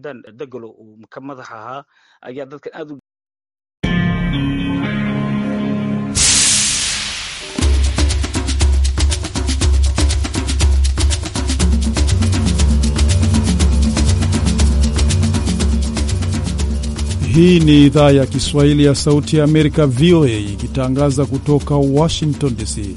Dagalo uu ka madax ahaa ayaa dadkan aad u Hii ni idhaa ya Kiswahili ya Sauti ya Amerika, VOA, ikitangaza kutoka Washington DC.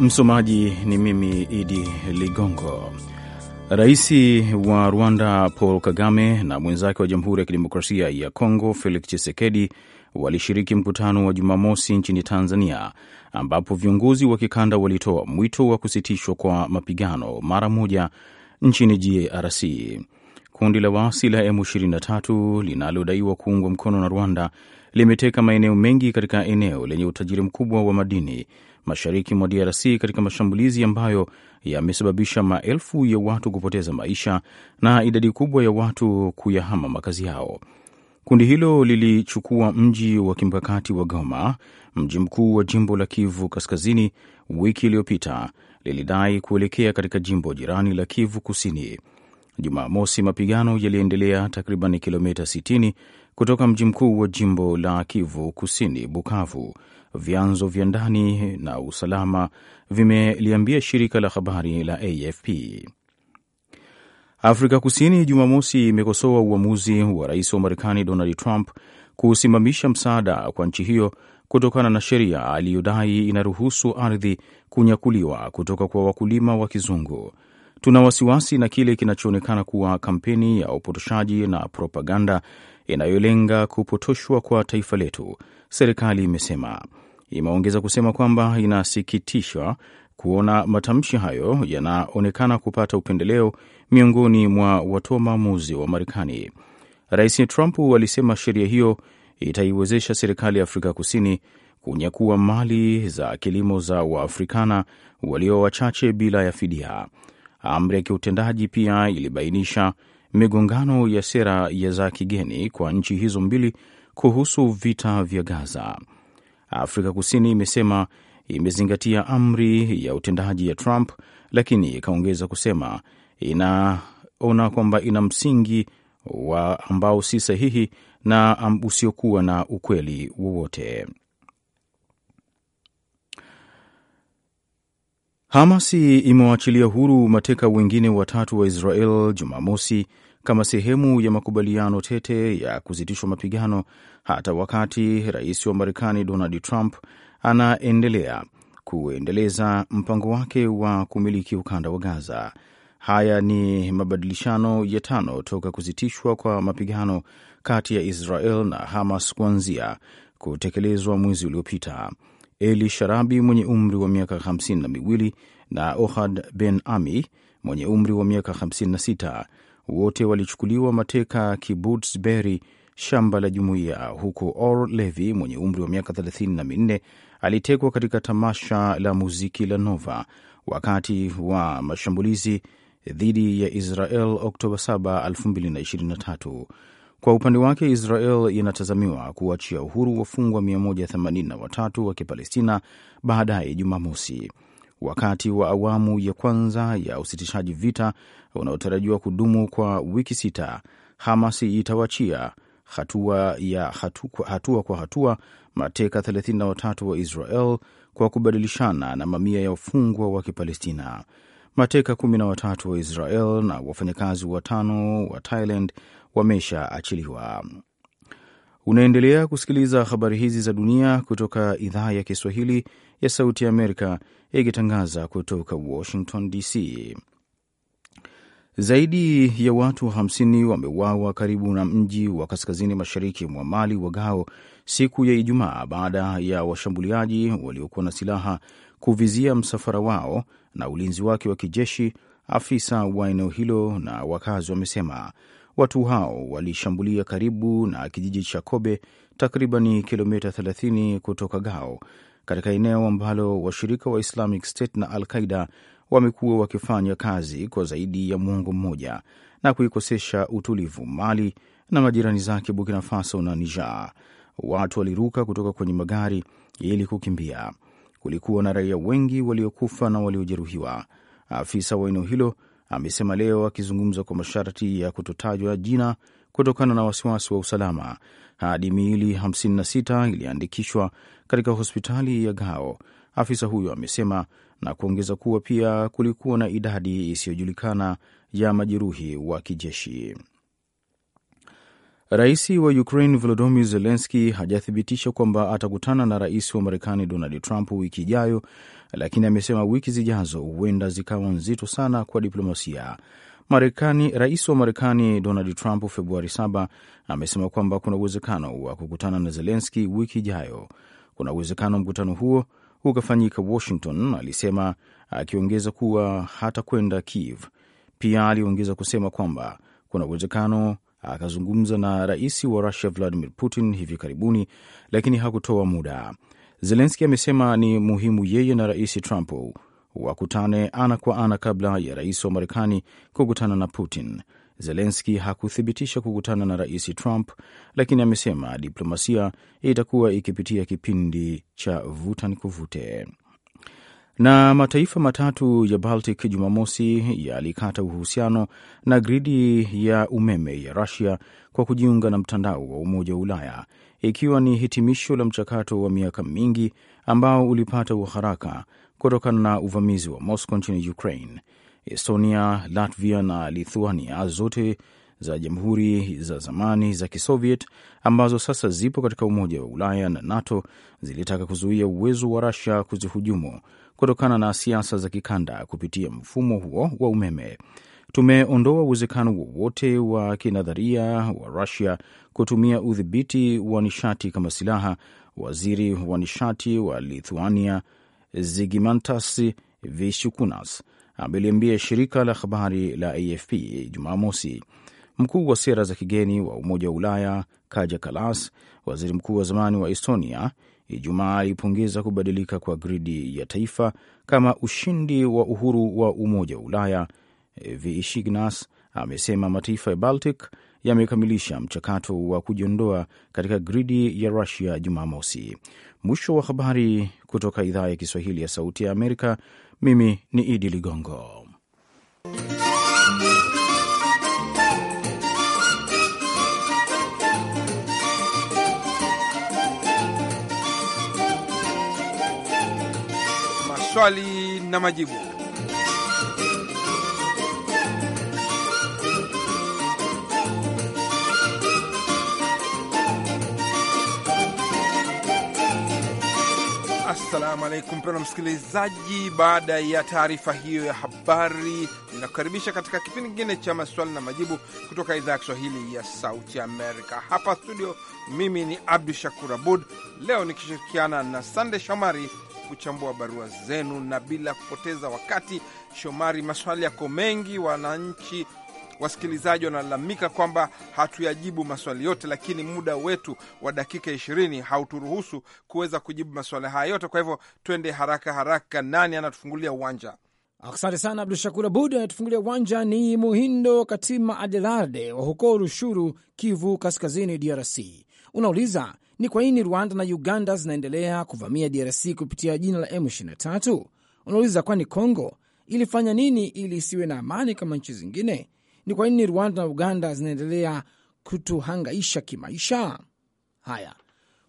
Msomaji ni mimi Idi Ligongo. Rais wa Rwanda Paul Kagame na mwenzake wa Jamhuri ya Kidemokrasia ya Kongo Felix Tshisekedi walishiriki mkutano wa Jumamosi nchini Tanzania, ambapo viongozi wa kikanda walitoa mwito wa kusitishwa kwa mapigano mara moja nchini DRC. Kundi la waasi la M23 linalodaiwa kuungwa mkono na Rwanda limeteka maeneo mengi katika eneo lenye utajiri mkubwa wa madini mashariki mwa DRC katika mashambulizi ambayo yamesababisha maelfu ya watu kupoteza maisha na idadi kubwa ya watu kuyahama makazi yao. Kundi hilo lilichukua mji wa kimkakati wa Goma, mji mkuu wa jimbo la Kivu Kaskazini, wiki iliyopita, lilidai kuelekea katika jimbo jirani la Kivu Kusini. Jumamosi, mapigano yaliendelea takriban kilomita 60 kutoka mji mkuu wa jimbo la Kivu Kusini, Bukavu, vyanzo vya ndani na usalama vimeliambia shirika la habari la AFP. Afrika Kusini Jumamosi imekosoa uamuzi wa rais wa Marekani Donald Trump kusimamisha msaada kwa nchi hiyo kutokana na sheria aliyodai inaruhusu ardhi kunyakuliwa kutoka kwa wakulima wa kizungu. Tuna wasiwasi na kile kinachoonekana kuwa kampeni ya upotoshaji na propaganda inayolenga kupotoshwa kwa taifa letu, serikali imesema. Imeongeza kusema kwamba inasikitishwa kuona matamshi hayo yanaonekana kupata upendeleo miongoni mwa watoa maamuzi wa Marekani. Rais Trump alisema sheria hiyo itaiwezesha serikali ya Afrika Kusini kunyakua mali za kilimo za Waafrikana walio wachache bila ya fidia. Amri ya kiutendaji pia ilibainisha migongano ya sera za kigeni kwa nchi hizo mbili kuhusu vita vya Gaza. Afrika Kusini imesema imezingatia amri ya utendaji ya Trump, lakini ikaongeza kusema inaona kwamba ina msingi wa ambao si sahihi na usiokuwa na ukweli wowote. hamasi imewaachilia huru mateka wengine watatu wa Israel Jumamosi kama sehemu ya makubaliano tete ya kusitishwa mapigano hata wakati rais wa Marekani Donald Trump anaendelea kuendeleza mpango wake wa kumiliki ukanda wa Gaza. Haya ni mabadilishano ya tano toka kusitishwa kwa mapigano kati ya Israel na Hamas kuanzia kutekelezwa mwezi uliopita. Eli Sharabi mwenye umri wa miaka hamsini na miwili na Ohad Ben Ami mwenye umri wa miaka 56 wote walichukuliwa mateka Kibuts shamba la jumuiya huku Or Levy mwenye umri wa miaka thelathini na minne alitekwa katika tamasha la muziki la Nova wakati wa mashambulizi dhidi ya Israel Oktoba 7, 2023. Kwa upande wake Israel inatazamiwa kuachia uhuru wafungwa 183 wa Kipalestina baadaye Jumamosi, wakati wa awamu ya kwanza ya usitishaji vita unaotarajiwa kudumu kwa wiki sita. Hamas itawachia hatua ya hatu, hatua kwa hatua mateka 33 wa Israel kwa kubadilishana na mamia ya wafungwa wa Kipalestina. Mateka kumi na watatu wa Israel na wafanyakazi watano wa Thailand wameshaachiliwa. Unaendelea kusikiliza habari hizi za dunia kutoka idhaa ya Kiswahili ya Sauti ya Amerika, ikitangaza kutoka Washington DC. Zaidi ya watu 50 wameuawa karibu na mji wa kaskazini mashariki mwa Mali wa Gao siku ya Ijumaa baada ya washambuliaji waliokuwa na silaha kuvizia msafara wao na ulinzi wake wa kijeshi, afisa wa eneo hilo na wakazi wamesema. Watu hao walishambulia karibu na kijiji cha Kobe, takribani kilomita 30 kutoka Gao, katika eneo ambalo washirika wa Islamic State na Al Qaida wamekuwa wakifanya kazi kwa zaidi ya mwongo mmoja na kuikosesha utulivu Mali na majirani zake Burkina Faso na Niger. Watu waliruka kutoka kwenye magari ili kukimbia. Kulikuwa na raia wengi waliokufa na waliojeruhiwa. Afisa wa eneo hilo amesema leo, akizungumza kwa masharti ya kutotajwa jina kutokana na wasiwasi wa usalama. Hadi miili 56 iliandikishwa katika hospitali ya Gao. Afisa huyo amesema na kuongeza kuwa pia kulikuwa na idadi isiyojulikana ya majeruhi wa kijeshi. Rais wa Ukraine Volodymyr Zelensky hajathibitisha kwamba atakutana na rais wa Marekani Donald Trump wiki ijayo, lakini amesema wiki zijazo huenda zikawa nzito sana kwa diplomasia. Marekani, rais wa Marekani Donald Trump Februari 7 amesema kwamba kuna uwezekano wa kukutana na Zelensky wiki ijayo. Kuna uwezekano mkutano huo ukafanyika Washington, alisema akiongeza kuwa hata kwenda Kiev. Pia aliongeza kusema kwamba kuna uwezekano akazungumza na rais wa Rusia Vladimir Putin hivi karibuni, lakini hakutoa muda. Zelenski amesema ni muhimu yeye na rais Trump wakutane ana kwa ana kabla ya rais wa Marekani kukutana na Putin. Zelenski hakuthibitisha kukutana na Rais Trump, lakini amesema diplomasia itakuwa ikipitia kipindi cha vuta ni kuvute. Na mataifa matatu ya Baltic Jumamosi yalikata uhusiano na gridi ya umeme ya Rusia kwa kujiunga na mtandao wa Umoja wa Ulaya, ikiwa ni hitimisho la mchakato wa miaka mingi ambao ulipata uharaka kutokana na uvamizi wa Moscow nchini Ukraine. Estonia, Latvia na Lithuania, zote za jamhuri za zamani za Kisoviet ambazo sasa zipo katika Umoja wa Ulaya na NATO zilitaka kuzuia uwezo wa Russia kuzihujumu kutokana na siasa za kikanda kupitia mfumo huo wa umeme. Tumeondoa uwezekano wowote wa kinadharia wa rasia kutumia udhibiti wa nishati kama silaha, waziri wa nishati wa Lithuania zigimantas Vishukunas ameliambia shirika la habari la AFP Jumamosi. Mkuu wa sera za kigeni wa Umoja wa Ulaya Kaja Kalas, waziri mkuu wa zamani wa Estonia, Ijumaa alipongeza kubadilika kwa gridi ya taifa kama ushindi wa uhuru wa Umoja wa Ulaya. vishignas amesema mataifa ya Baltic yamekamilisha mchakato wa kujiondoa katika gridi ya Rusia Jumamosi. Mwisho wa habari kutoka idhaa ya Kiswahili ya Sauti ya Amerika. Mimi ni Idi Ligongo. Maswali na majibu. Assalamu alaikum pena msikilizaji, baada ya taarifa hiyo ya habari, ninakukaribisha katika kipindi kingine cha maswali na majibu kutoka idhaa ya Kiswahili ya Sauti Amerika. Hapa studio, mimi ni Abdu Shakur Abud, leo nikishirikiana na Sande Shomari kuchambua barua zenu, na bila kupoteza wakati, Shomari, maswali yako mengi, wananchi Wasikilizaji wanalalamika kwamba hatuyajibu maswali yote, lakini muda wetu wa dakika ishirini hauturuhusu kuweza kujibu maswali haya yote. Kwa hivyo twende haraka haraka. Nani anatufungulia uwanja? Asante sana Abdu Shakur Abud. Anatufungulia uwanja ni Muhindo Katima Adelarde wa huko Rushuru, Kivu Kaskazini, DRC. Unauliza, ni kwa nini Rwanda na Uganda zinaendelea kuvamia DRC kupitia jina la M23? Unauliza, kwani Congo ilifanya nini ili isiwe na amani kama nchi zingine? ni kwa nini Rwanda na Uganda zinaendelea kutuhangaisha kimaisha? Haya,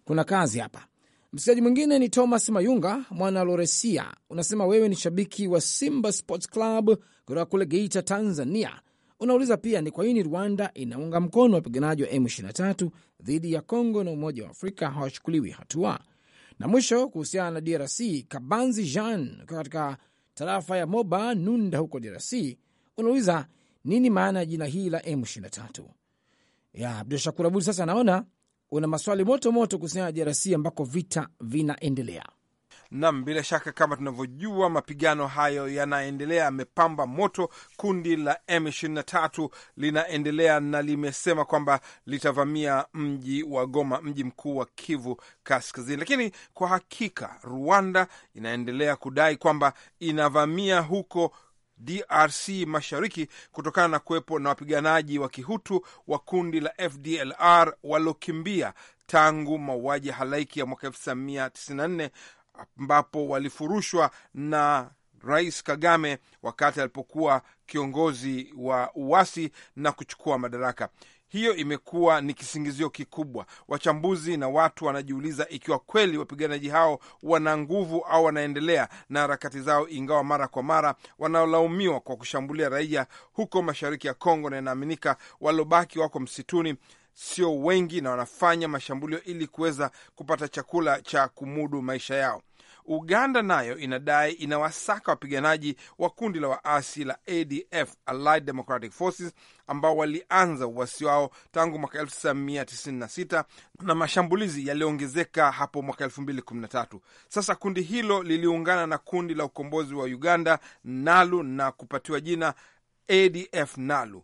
kuna kazi hapa. Msikilizaji mwingine ni Thomas Mayunga mwana Loresia, unasema wewe ni shabiki wa Simba Sports Club kutoka kule Geita, Tanzania. Unauliza pia ni kwa nini Rwanda inaunga mkono wapiganaji wa M23 dhidi ya congo na Umoja wa Afrika hawachukuliwi hatua. Na mwisho kuhusiana na DRC, Kabanzi Jean kutoka katika tarafa ya Moba Nunda huko DRC unauliza nini maana ya jina hili la M23? Ya Abdul Shakur Abud, sasa naona una maswali moto moto kuhusiana na DRC ambako vita vinaendelea. Nam, bila shaka kama tunavyojua mapigano hayo yanaendelea, yamepamba moto. Kundi la M23 linaendelea na limesema kwamba litavamia mji wa Goma, mji mkuu wa Kivu Kaskazini. Lakini kwa hakika Rwanda inaendelea kudai kwamba inavamia huko DRC Mashariki kutokana na kuwepo na wapiganaji wa Kihutu wa kundi la FDLR waliokimbia tangu mauaji halaiki ya mwaka 1994 ambapo walifurushwa na Rais Kagame wakati alipokuwa kiongozi wa uasi na kuchukua madaraka. Hiyo imekuwa ni kisingizio kikubwa. Wachambuzi na watu wanajiuliza ikiwa kweli wapiganaji hao wana nguvu au wanaendelea na harakati zao, ingawa mara kwa mara wanaolaumiwa kwa kushambulia raia huko mashariki ya Kongo, na inaaminika waliobaki wako msituni sio wengi na wanafanya mashambulio ili kuweza kupata chakula cha kumudu maisha yao. Uganda nayo inadai inawasaka wapiganaji wa kundi la waasi la ADF, Allied Democratic Forces, ambao walianza uwasi wao tangu mwaka 1996 na mashambulizi yaliyoongezeka hapo mwaka 2013. Sasa kundi hilo liliungana na kundi la ukombozi wa Uganda NALU na kupatiwa jina ADF NALU.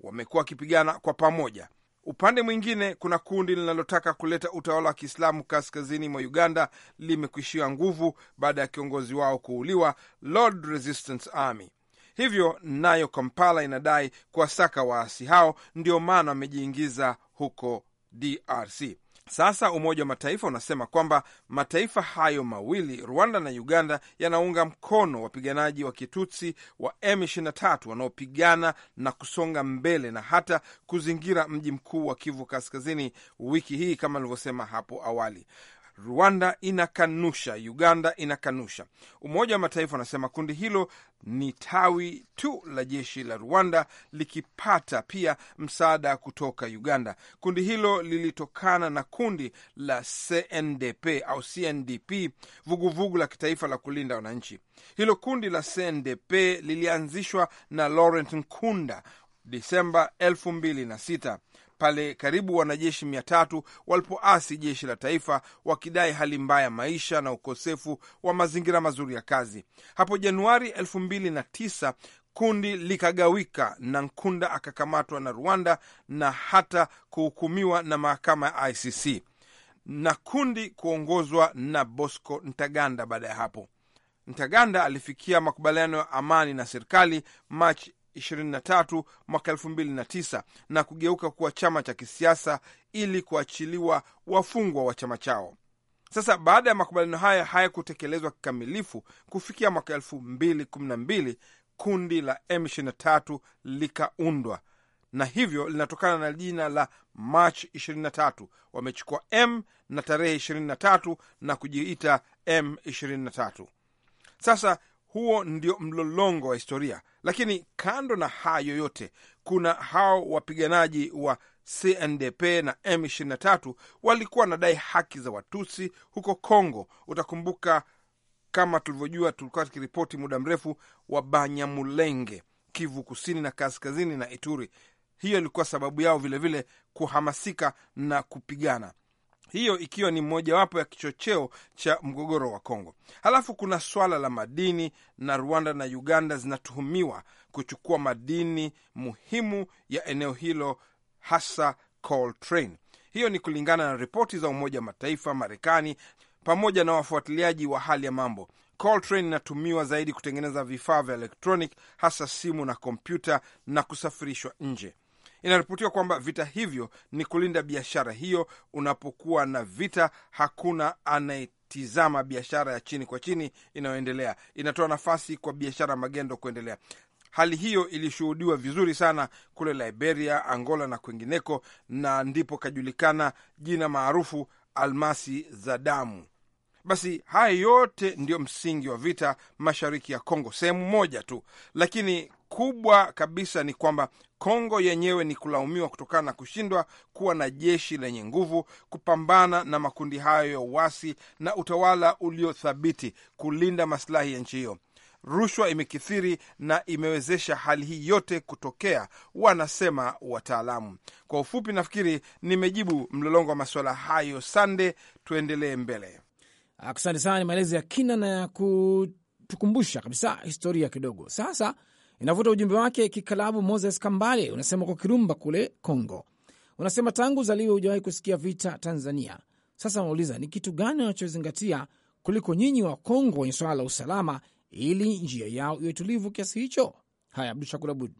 Wamekuwa wakipigana kwa pamoja. Upande mwingine, kuna kundi linalotaka kuleta utawala wa Kiislamu kaskazini mwa Uganda limekwishiwa nguvu baada ya kiongozi wao kuuliwa, Lord Resistance Army. Hivyo nayo Kampala inadai kuwasaka waasi hao, ndio maana wamejiingiza huko DRC. Sasa Umoja wa Mataifa unasema kwamba mataifa hayo mawili Rwanda na Uganda yanaunga mkono wapiganaji wa kitutsi wa M23 wanaopigana na kusonga mbele na hata kuzingira mji mkuu wa Kivu Kaskazini wiki hii, kama alivyosema hapo awali. Rwanda inakanusha, Uganda inakanusha. Umoja wa Mataifa unasema kundi hilo ni tawi tu la jeshi la Rwanda likipata pia msaada kutoka Uganda. Kundi hilo lilitokana na kundi la CNDP au CNDP, vuguvugu vugu la kitaifa la kulinda wananchi. Hilo kundi la CNDP lilianzishwa na Laurent Nkunda Disemba 2006 pale karibu wanajeshi mia tatu walipoasi jeshi la taifa wakidai hali mbaya ya maisha na ukosefu wa mazingira mazuri ya kazi. Hapo Januari elfu na tisa kundi likagawika na Nkunda akakamatwa na Rwanda na hata kuhukumiwa na mahakama ya ICC na kundi kuongozwa na Bosco Ntaganda. Baada ya hapo, Ntaganda alifikia makubaliano ya amani na serikali Machi 23 mwaka 2009 na kugeuka kuwa chama cha kisiasa ili kuachiliwa wafungwa wa chama chao. Sasa baada ya makubaliano haya hayakutekelezwa kikamilifu kufikia mwaka 2012 kundi la M23 likaundwa na hivyo linatokana na jina la March 23. Wamechukua M na tarehe 23 na kujiita M23. Sasa huo ndio mlolongo wa historia. Lakini kando na hayo yote, kuna hao wapiganaji wa CNDP na M23 walikuwa wanadai haki za Watusi huko Kongo. Utakumbuka kama tulivyojua, tulikuwa tukiripoti muda mrefu wa Banyamulenge, Kivu Kusini na Kaskazini na Ituri. Hiyo ilikuwa sababu yao vilevile vile kuhamasika na kupigana hiyo ikiwa ni mojawapo ya kichocheo cha mgogoro wa Kongo. Halafu kuna swala la madini, na Rwanda na Uganda zinatuhumiwa kuchukua madini muhimu ya eneo hilo, hasa Coltrane. Hiyo ni kulingana na ripoti za Umoja wa Mataifa, Marekani pamoja na wafuatiliaji wa hali ya mambo. Coltrane inatumiwa zaidi kutengeneza vifaa vya elektronic, hasa simu na kompyuta, na kusafirishwa nje. Inaripotiwa kwamba vita hivyo ni kulinda biashara hiyo. Unapokuwa na vita, hakuna anaye tizama biashara ya chini kwa chini inayoendelea, inatoa nafasi kwa biashara magendo kuendelea. Hali hiyo ilishuhudiwa vizuri sana kule Liberia, Angola na kwingineko, na ndipo kajulikana jina maarufu almasi za damu. Basi haya yote ndiyo msingi wa vita mashariki ya Kongo, sehemu moja tu, lakini kubwa kabisa ni kwamba Kongo yenyewe ni kulaumiwa kutokana na kushindwa kuwa na jeshi lenye nguvu kupambana na makundi hayo ya uasi na utawala uliothabiti kulinda masilahi ya nchi hiyo. Rushwa imekithiri na imewezesha hali hii yote kutokea, wanasema wataalamu. Kwa ufupi, nafikiri nimejibu mlolongo wa masuala hayo. Sande, tuendelee mbele. Asante sana, ni maelezo ya kina na ya kutukumbusha kabisa historia kidogo. Sasa Inavuta ujumbe wake kikalabu. Moses Kambale unasema kwa Kirumba kule congo unasema tangu uzaliwe hujawahi kusikia vita Tanzania. Sasa unauliza ni kitu gani wanachozingatia kuliko nyinyi wa Kongo wenye swala la usalama, ili njia yao iwe tulivu kiasi hicho? Haya, Abdu Shakur Abud.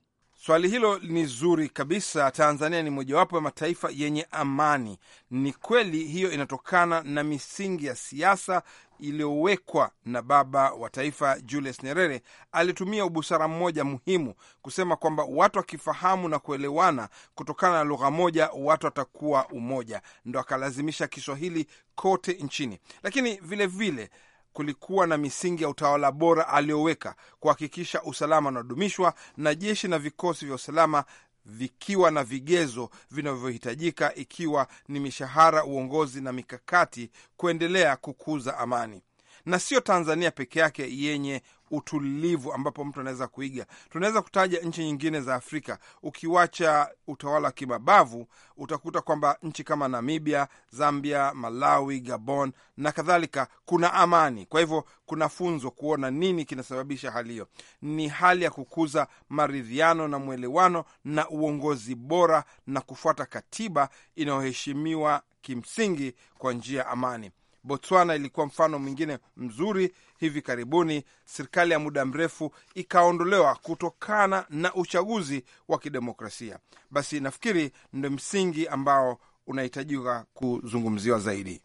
Swali hilo ni zuri kabisa. Tanzania ni mojawapo ya mataifa yenye amani. Ni kweli hiyo inatokana na misingi ya siasa iliyowekwa na baba wa taifa Julius Nyerere, alitumia ubusara mmoja muhimu kusema kwamba watu wakifahamu na kuelewana kutokana na lugha moja, watu watakuwa umoja. Ndo akalazimisha Kiswahili kote nchini, lakini vilevile vile, kulikuwa na misingi ya utawala bora aliyoweka kuhakikisha usalama unadumishwa na jeshi na vikosi vya usalama vikiwa na vigezo vinavyohitajika, ikiwa ni mishahara, uongozi na mikakati kuendelea kukuza amani. Na siyo Tanzania peke yake yenye utulivu ambapo mtu anaweza kuiga. Tunaweza kutaja nchi nyingine za Afrika, ukiwacha utawala wa kimabavu, utakuta kwamba nchi kama Namibia, Zambia, Malawi, Gabon na kadhalika kuna amani. Kwa hivyo kuna funzo kuona nini kinasababisha hali hiyo. Ni hali ya kukuza maridhiano na mwelewano na uongozi bora na kufuata katiba inayoheshimiwa kimsingi kwa njia ya amani. Botswana ilikuwa mfano mwingine mzuri. Hivi karibuni serikali ya muda mrefu ikaondolewa kutokana na uchaguzi wa kidemokrasia. Basi nafikiri ndio msingi ambao unahitajika kuzungumziwa zaidi.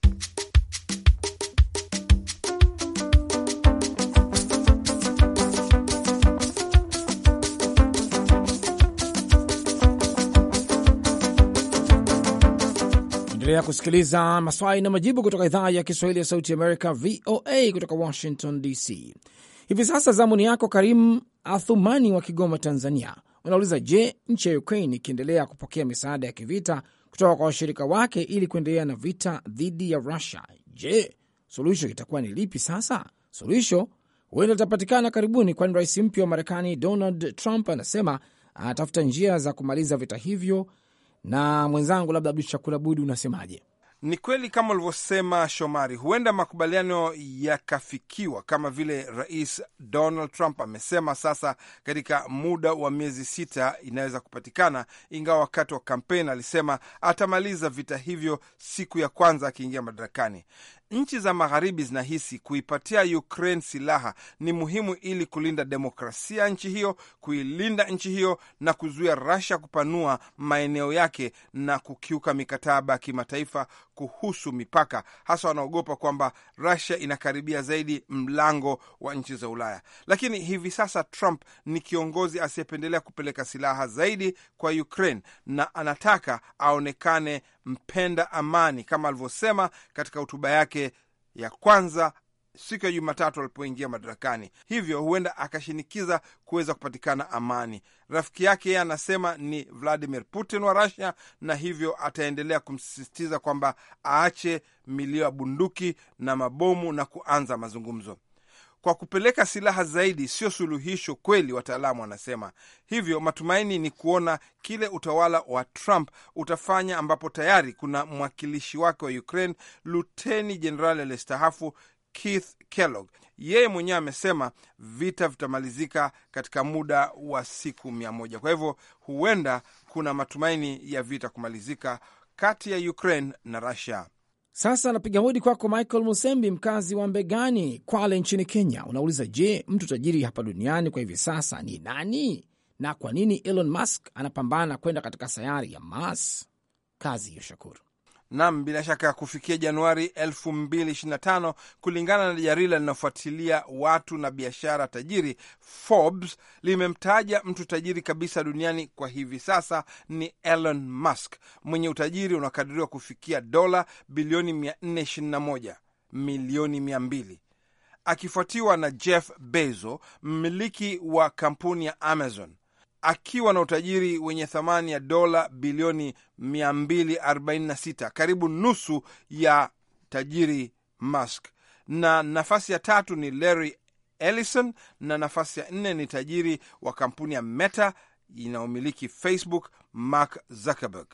Naendelea kusikiliza maswali na majibu kutoka idhaa ya Kiswahili ya Sauti Amerika, VOA, kutoka Washington DC. Hivi sasa zamu ni yako Karim Athumani wa Kigoma, Tanzania. Unauliza, je, nchi ya Ukraine ikiendelea kupokea misaada ya kivita kutoka kwa washirika wake ili kuendelea na vita dhidi ya Russia, je, suluhisho itakuwa ni lipi? Sasa suluhisho huenda litapatikana karibuni, kwani rais mpya wa Marekani Donald Trump anasema anatafuta njia za kumaliza vita hivyo na mwenzangu labda Abdu Shakur Abudi, unasemaje? Ni kweli kama ulivyosema Shomari, huenda makubaliano yakafikiwa kama vile Rais Donald Trump amesema. Sasa katika muda wa miezi sita inaweza kupatikana, ingawa wakati wa kampeni alisema atamaliza vita hivyo siku ya kwanza akiingia madarakani. Nchi za magharibi zinahisi kuipatia Ukraine silaha ni muhimu ili kulinda demokrasia nchi hiyo, kuilinda nchi hiyo na kuzuia Russia kupanua maeneo yake na kukiuka mikataba ya kimataifa kuhusu mipaka. Hasa wanaogopa kwamba Russia inakaribia zaidi mlango wa nchi za Ulaya. Lakini hivi sasa Trump ni kiongozi asiyependelea kupeleka silaha zaidi kwa Ukraine na anataka aonekane mpenda amani kama alivyosema katika hotuba yake yake ya kwanza siku ya Jumatatu alipoingia madarakani, hivyo huenda akashinikiza kuweza kupatikana amani. Rafiki yake yeye anasema ni Vladimir Putin wa Russia, na hivyo ataendelea kumsisitiza kwamba aache milio ya bunduki na mabomu na kuanza mazungumzo. Kwa kupeleka silaha zaidi sio suluhisho kweli, wataalamu wanasema hivyo. Matumaini ni kuona kile utawala wa Trump utafanya, ambapo tayari kuna mwakilishi wake wa Ukraine, luteni jenerali aliyestahafu Keith Kellogg. Yeye mwenyewe amesema vita vitamalizika katika muda wa siku mia moja. Kwa hivyo huenda kuna matumaini ya vita kumalizika kati ya Ukraine na Russia. Sasa anapiga hodi kwako Michael Musembi, mkazi wa Mbegani, Kwale nchini Kenya. Unauliza, je, mtu tajiri hapa duniani kwa hivi sasa ni nani na kwa nini Elon Musk anapambana kwenda katika sayari ya Mars? Kazi hiyo shukuru. Nam, bila shaka kufikia Januari 2025 kulingana na jarida linaofuatilia watu na biashara tajiri Forbes, limemtaja mtu tajiri kabisa duniani kwa hivi sasa ni Elon Musk mwenye utajiri unaokadiriwa kufikia dola bilioni 421 milioni 200 akifuatiwa na Jeff Bezos, mmiliki wa kampuni ya Amazon akiwa na utajiri wenye thamani ya dola bilioni 246, karibu nusu ya tajiri Musk, na nafasi ya tatu ni Larry Ellison na nafasi ya nne ni tajiri wa kampuni ya Meta inayomiliki Facebook Mark Zuckerberg.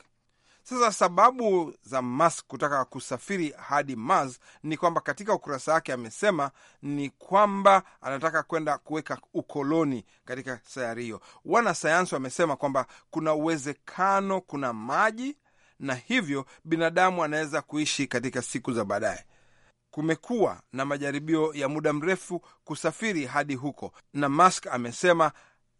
Sasa sababu za Musk kutaka kusafiri hadi Mars ni kwamba katika ukurasa wake amesema ni kwamba anataka kwenda kuweka ukoloni katika sayari hiyo. Wanasayansi wamesema kwamba kuna uwezekano kuna maji na hivyo binadamu anaweza kuishi katika siku za baadaye. Kumekuwa na majaribio ya muda mrefu kusafiri hadi huko, na Musk amesema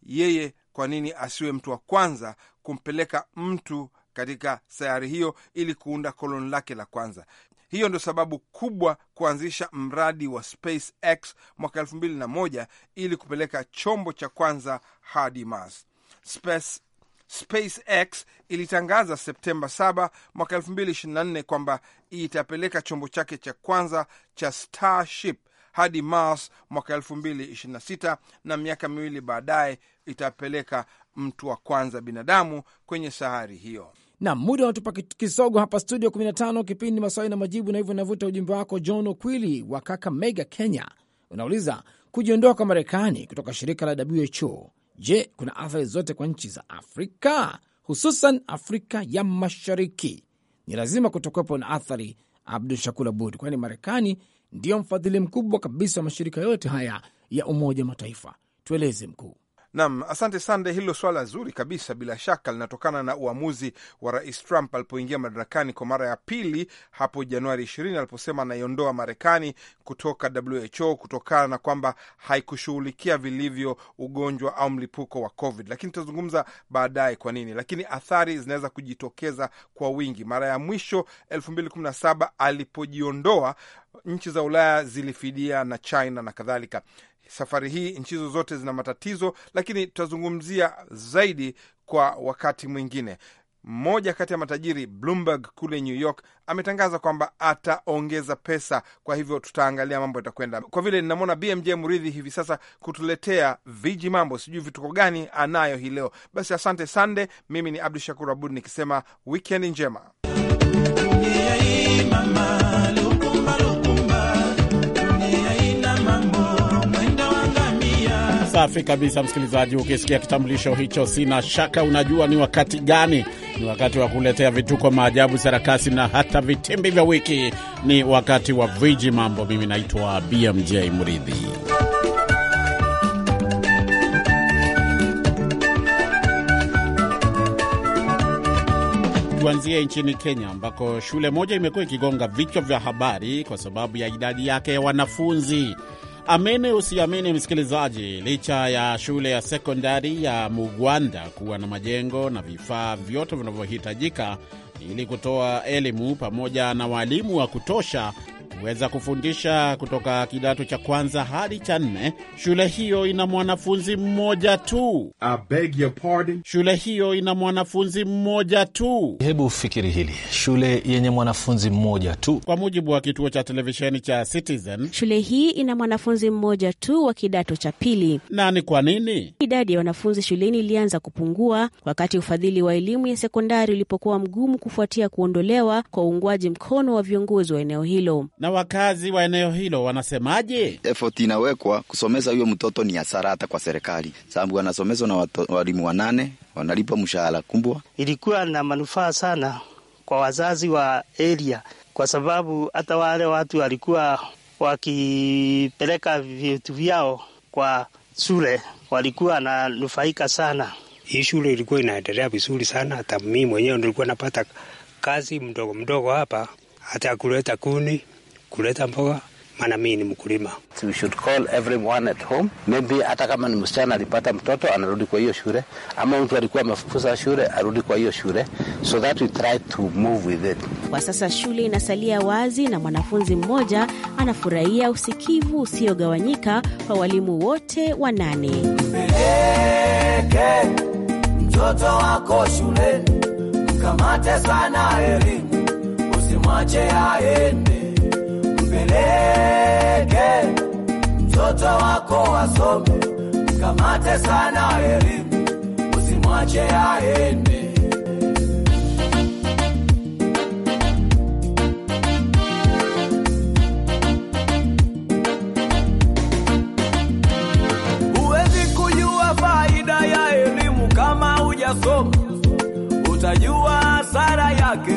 yeye, kwa nini asiwe mtu wa kwanza kumpeleka mtu katika sayari hiyo ili kuunda koloni lake la kwanza. Hiyo ndio sababu kubwa kuanzisha mradi wa SpaceX mwaka moja ili kupeleka chombo cha kwanza hadi Mars. Space, SpaceX ilitangaza Septemba 7 mwaka 2024 kwamba itapeleka chombo chake cha kwanza cha Starship hadi Mars mwaka 2026 na miaka miwili baadaye itapeleka mtu wa kwanza binadamu kwenye sahari hiyo. Na muda unatupa kisogo hapa studio 15, kipindi maswali na majibu, na hivyo inavuta ujumbe wako John Okwili wa Kakamega, Kenya. Unauliza kujiondoa kwa Marekani kutoka shirika la WHO, je, kuna athari zote kwa nchi za Afrika hususan Afrika ya Mashariki? Ni lazima kutokwepo na athari, abdu Shakur Abud, kwani Marekani ndiyo mfadhili mkubwa kabisa wa mashirika yote haya ya Umoja Mataifa. Tueleze mkuu. Nam, asante Sande. Hilo swala zuri kabisa, bila shaka linatokana na uamuzi wa Rais Trump alipoingia madarakani kwa mara ya pili hapo Januari 20 aliposema anaiondoa Marekani kutoka WHO kutokana na kwamba haikushughulikia vilivyo ugonjwa au mlipuko wa COVID, lakini tutazungumza baadaye kwa nini, lakini athari zinaweza kujitokeza kwa wingi. Mara ya mwisho 2017 alipojiondoa nchi za Ulaya zilifidia na China na kadhalika. Safari hii nchi hizo zote zina matatizo, lakini tutazungumzia zaidi kwa wakati mwingine. Mmoja kati ya matajiri Bloomberg kule New York ametangaza kwamba ataongeza pesa, kwa hivyo tutaangalia mambo yatakwenda. Kwa vile ninamwona BMJ Muridhi hivi sasa kutuletea viji mambo, sijui vituko gani anayo hii leo. Basi asante sande, mimi ni Abdu Shakur Abud nikisema wikendi njema. Yeah, mama. Safi kabisa, msikilizaji, ukisikia kitambulisho hicho, sina shaka unajua ni wakati gani. Ni wakati wa kuletea vituko, maajabu, sarakasi na hata vitimbi vya wiki. Ni wakati wa viji mambo. Mimi naitwa BMJ Mridhi. Tuanzie nchini Kenya ambako shule moja imekuwa ikigonga vichwa vya habari kwa sababu ya idadi yake ya wanafunzi. Amini usiamini, msikilizaji, licha ya shule ya sekondari ya Mugwanda kuwa na majengo na vifaa vyote vinavyohitajika ili kutoa elimu pamoja na walimu wa kutosha, huweza kufundisha kutoka kidato cha kwanza hadi cha nne. Shule hiyo ina mwanafunzi mmoja tu. I beg your pardon. Shule hiyo ina mwanafunzi mmoja tu. Hebu fikiri hili, shule yenye mwanafunzi mmoja tu. Kwa mujibu wa kituo cha televisheni cha Citizen, shule hii ina mwanafunzi mmoja tu wa kidato cha pili. Na ni kwa nini idadi ya wanafunzi shuleni ilianza kupungua wakati ufadhili wa elimu ya sekondari ulipokuwa mgumu kufuatia kuondolewa kwa uungwaji mkono wa viongozi wa eneo hilo na wakazi wa eneo hilo wanasemaje? Effort inawekwa kusomeza huyo mtoto ni hasara hata kwa serikali, sababu anasomezwa na walimu wanane, wanalipa mshahara kubwa. Ilikuwa na manufaa sana kwa wazazi wa area, kwa sababu hata wale watu walikuwa wakipeleka vitu vyao kwa shule walikuwa wananufaika sana. Hii shule ilikuwa inaendelea vizuri sana, hata mimi mwenyewe nilikuwa napata kazi mdogo mdogo hapa, hata kuleta kuni kuleta mboga, maana mimi ni mkulima. We should call everyone at home. Maybe hata kama ni msichana alipata mtoto anarudi kwa hiyo shule, ama mtu alikuwa amefukuza shule arudi kwa hiyo shule, so that we try to move with it. Kwa sasa shule inasalia wazi na mwanafunzi mmoja anafurahia usikivu usiogawanyika kwa walimu wote wanane. Peleke mtoto wako shuleni, mkamate sana elimu, usimwache aende Mpeleke mtoto wako asome, mkamate sana elimu, usimwache aende. Huwezi kujua faida ya elimu kama hujasoma, utajua hasara yake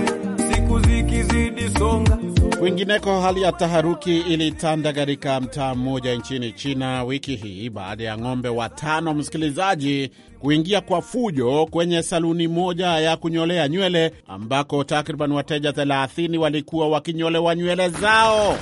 siku zikizidi songa Kwingineko, hali ya taharuki ilitanda katika mtaa mmoja nchini China wiki hii baada ya ng'ombe watano, msikilizaji, kuingia kwa fujo kwenye saluni moja ya kunyolea nywele ambako takriban wateja 30 walikuwa wakinyolewa nywele zao.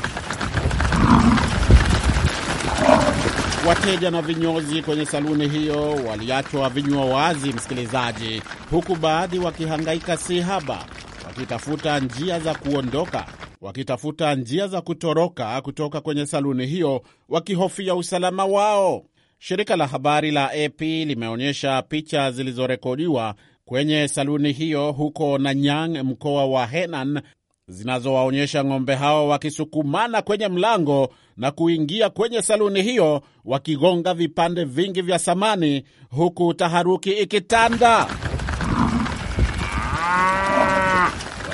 Wateja na vinyozi kwenye saluni hiyo waliachwa vinywa wazi, msikilizaji, huku baadhi wakihangaika si haba wakitafuta njia za kuondoka wakitafuta njia za kutoroka kutoka kwenye saluni hiyo wakihofia usalama wao. Shirika la habari la AP limeonyesha picha zilizorekodiwa kwenye saluni hiyo huko Nanyang, mkoa wa Henan, zinazowaonyesha ng'ombe hao wakisukumana kwenye mlango na kuingia kwenye saluni hiyo wakigonga vipande vingi vya samani huku taharuki ikitanda.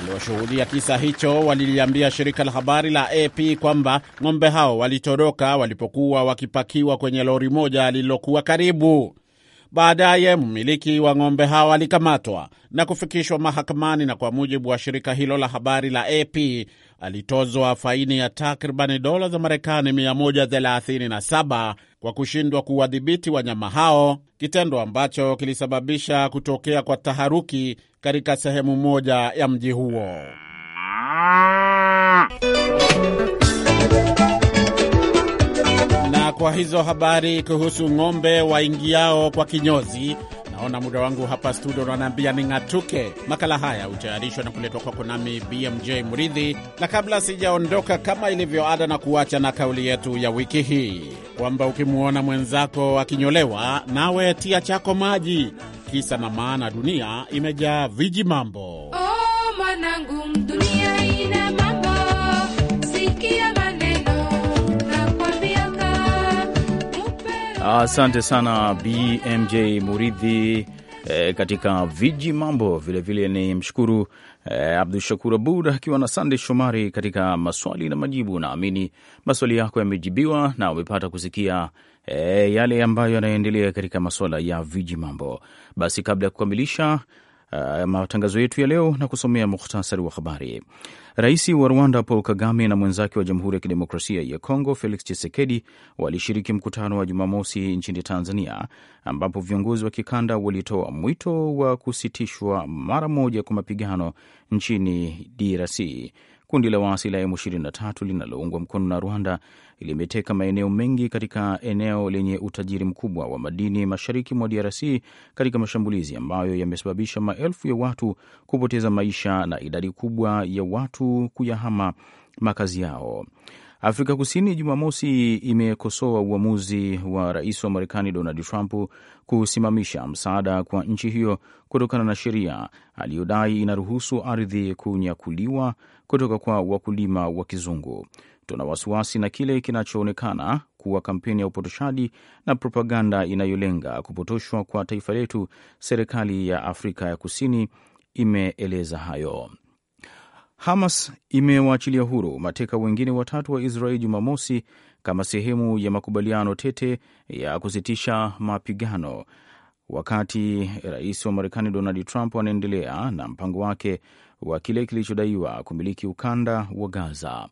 Walioshuhudia kisa hicho waliliambia shirika la habari la AP kwamba ng'ombe hao walitoroka walipokuwa wakipakiwa kwenye lori moja lililokuwa karibu. Baadaye mmiliki wa ng'ombe hao alikamatwa na kufikishwa mahakamani, na kwa mujibu wa shirika hilo la habari la AP, alitozwa faini ya takribani dola za Marekani 137 kwa kushindwa kuwadhibiti wanyama hao, kitendo ambacho kilisababisha kutokea kwa taharuki katika sehemu moja ya mji huo. Na kwa hizo habari kuhusu ng'ombe waingiao kwa kinyozi Naona muda wangu hapa studio unaniambia ning'atuke. Makala haya hutayarishwa na kuletwa kwako nami BMJ Muridhi, na kabla sijaondoka, kama ilivyo ada, na kuacha na kauli yetu ya wiki hii kwamba ukimwona mwenzako akinyolewa, nawe tia chako maji. Kisa na maana, dunia imejaa viji mambo. Oh, mwanangu, dunia Asante sana BMJ Muridhi e, katika viji mambo. Vilevile ni mshukuru e, eh, Abdu Shakur Abud akiwa na sande Shomari katika maswali na majibu. Naamini maswali yako yamejibiwa na umepata kusikia e, yale ambayo yanaendelea katika maswala ya viji mambo. Basi kabla ya kukamilisha uh, matangazo yetu ya leo na kusomea muhtasari wa habari. Rais wa Rwanda Paul Kagame na mwenzake wa Jamhuri ya Kidemokrasia ya Kongo Felix Tshisekedi walishiriki mkutano wa Jumamosi nchini Tanzania, ambapo viongozi wa kikanda walitoa mwito wa kusitishwa mara moja kwa mapigano nchini DRC. Kundi la waasi la M23 linaloungwa mkono na Rwanda limeteka maeneo mengi katika eneo lenye utajiri mkubwa wa madini mashariki mwa DRC katika mashambulizi ambayo yamesababisha maelfu ya watu kupoteza maisha na idadi kubwa ya watu kuyahama makazi yao. Afrika Kusini Jumamosi imekosoa uamuzi wa rais wa Marekani Donald Trump kusimamisha msaada kwa nchi hiyo kutokana na sheria aliyodai inaruhusu ardhi kunyakuliwa kutoka kwa wakulima wa kizungu. Tuna wasiwasi na kile kinachoonekana kuwa kampeni ya upotoshaji na propaganda inayolenga kupotoshwa kwa taifa letu, serikali ya Afrika ya Kusini imeeleza hayo. Hamas imewaachilia huru mateka wengine watatu wa Israeli Jumamosi kama sehemu ya makubaliano tete ya kusitisha mapigano, wakati rais wa Marekani Donald Trump anaendelea na mpango wake wa kile kilichodaiwa kumiliki ukanda wa Gaza.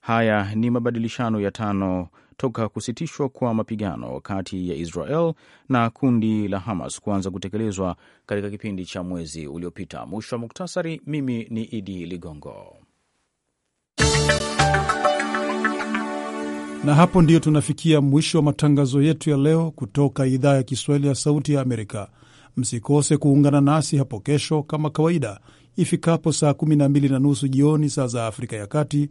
Haya ni mabadilishano ya tano toka kusitishwa kwa mapigano kati ya Israel na kundi la Hamas kuanza kutekelezwa katika kipindi cha mwezi uliopita. Mwisho wa muktasari. Mimi ni Idi Ligongo, na hapo ndiyo tunafikia mwisho wa matangazo yetu ya leo kutoka idhaa ya Kiswahili ya Sauti ya Amerika. Msikose kuungana nasi hapo kesho kama kawaida ifikapo saa 12 na nusu jioni saa za Afrika ya Kati